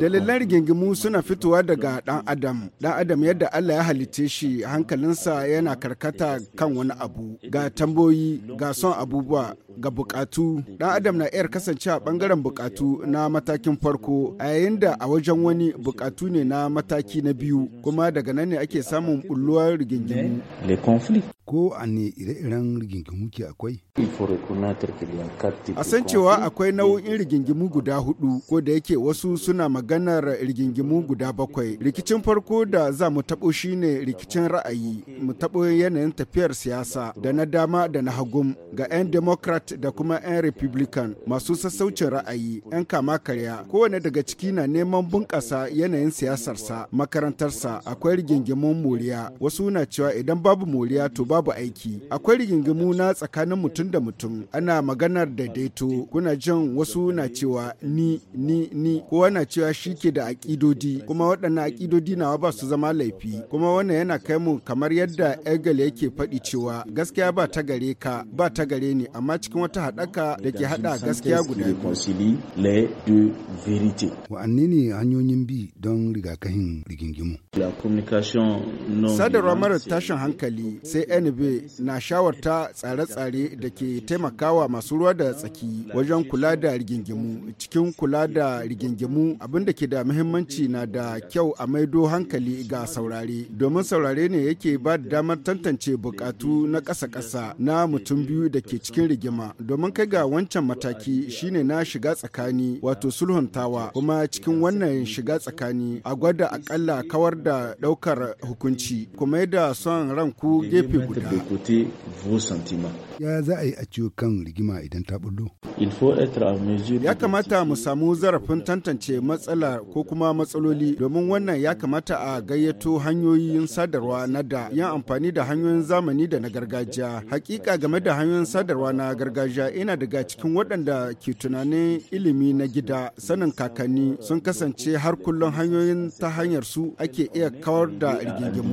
Dalilan rigingimu suna fitowa daga ɗan Adam. Ɗan Adam yadda Allah ya halitte shi hankalinsa yana karkata kan wani abu, ga tamboyi, ga son abubuwa, ga bukatu ɗan adam na kasance a bangaren bukatu na matakin farko a yayin da a wajen wani bukatu ne na mataki na biyu kuma daga nan ne ake samun bulluwar rigingimu ko a ne ire-iren rigingimu ke akwai a san cewa akwai nau'in rigingimu guda hudu ko da yake wasu suna maganar rigingimu guda bakwai rikicin farko da za mu taɓo shine rikicin ra'ayi mu taɓo yanayin tafiyar siyasa da na dama da na hagum ga 'yan democrat democrat da kuma 'yan republican masu sassaucin ra'ayi 'yan kama karya kowane daga ciki na neman bunƙasa yanayin siyasarsa makarantarsa akwai rigingimu moriya wasu na cewa idan babu moriya to babu aiki akwai rigingimu na tsakanin mutum da mutum ana maganar daidaito kuna jin wasu na cewa ni ni ni kowa na cewa shi ke da aƙidodi kuma waɗannan aƙidodi nawa ba su zama laifi kuma wannan yana kai mu kamar yadda egal yake faɗi cewa gaskiya ba ta gare ka ba ta gare ni amma cikin cikin wata haɗaka da ke haɗa gaskiya guda biyu. Wa'anne ne hanyoyin bi don rigakafin rigingimu? Sadarwa mara tashin hankali sai NB na shawarta tsare-tsare da ke taimakawa masu ruwa da tsaki wajen kula da rigingimu cikin kula da rigingimu abinda ke da muhimmanci na da kyau a maido hankali ga saurare domin saurare ne yake ba da damar tantance bukatu na ƙasa-ƙasa na mutum biyu da ke cikin rigima domin kai ga wancan mataki shine na shiga tsakani wato sulhuntawa kuma cikin wannan shiga tsakani a gwada akalla kawar da daukar hukunci kuma yadda son ranku gefe guda ya za a yi a ciwo kan rigima idan ta bullo ya kamata mu samu zarafin tantance matsala ko kuma matsaloli domin wannan ya kamata a gayyato hanyoyin sadarwa na da yan amfani da hanyoyin zamani da na gargajiya hakika game da hanyoyin sadarwa na gargajiya Magaja ina daga cikin waɗanda ke tunanin ilimi na gida sanin kakanni sun kasance har kullum hanyoyin ta hanyar su ake iya kawar da rigingimu.